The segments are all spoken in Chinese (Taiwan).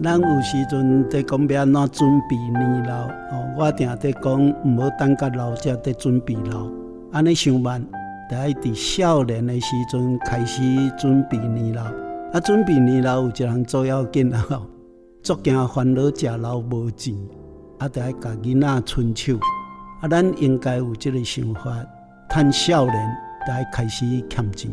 咱有時陣在講要怎麼準備年老？哦，我定在講，毋好等甲老才在準備老，安尼太慢，得愛佇少年的時陣開始準備年老。啊，準備年老有一項重要件了，作驚煩惱食老無錢，啊，得愛家囡仔伸手。啊，咱應該有這個想法，趁少年得愛開始賺錢。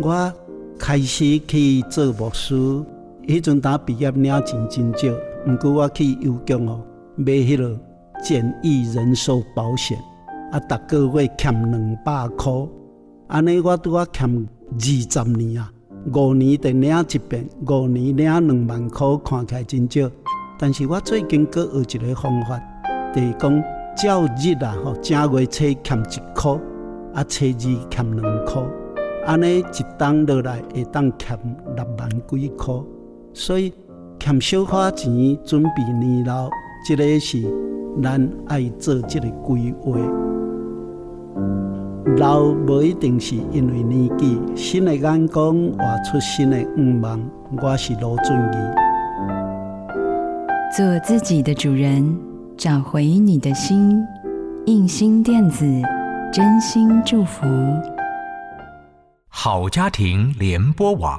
我開始去做牧師。迄陣大學畢業領錢真少，毋過我去郵局吼買迄囉簡易人壽保險，啊，逐個月欠兩百塊，安尼我拄啊欠二十年啊，五年得領一遍，五年領兩萬塊，看起來真少。但是我最近閣學一個方法，著，就是講照日啊吼，正月初一欠，欠一元，啊，初二欠兩元，安尼一冬落來會當欠六萬幾元。所以，欠少花錢準備年老，這個是咱愛做這個規劃。老不一定是因為年紀，新的眼光畫出新的願望。我是盧俊義，做自己的主人，找回你的心。映興電子，真心祝福。好家庭聯播網。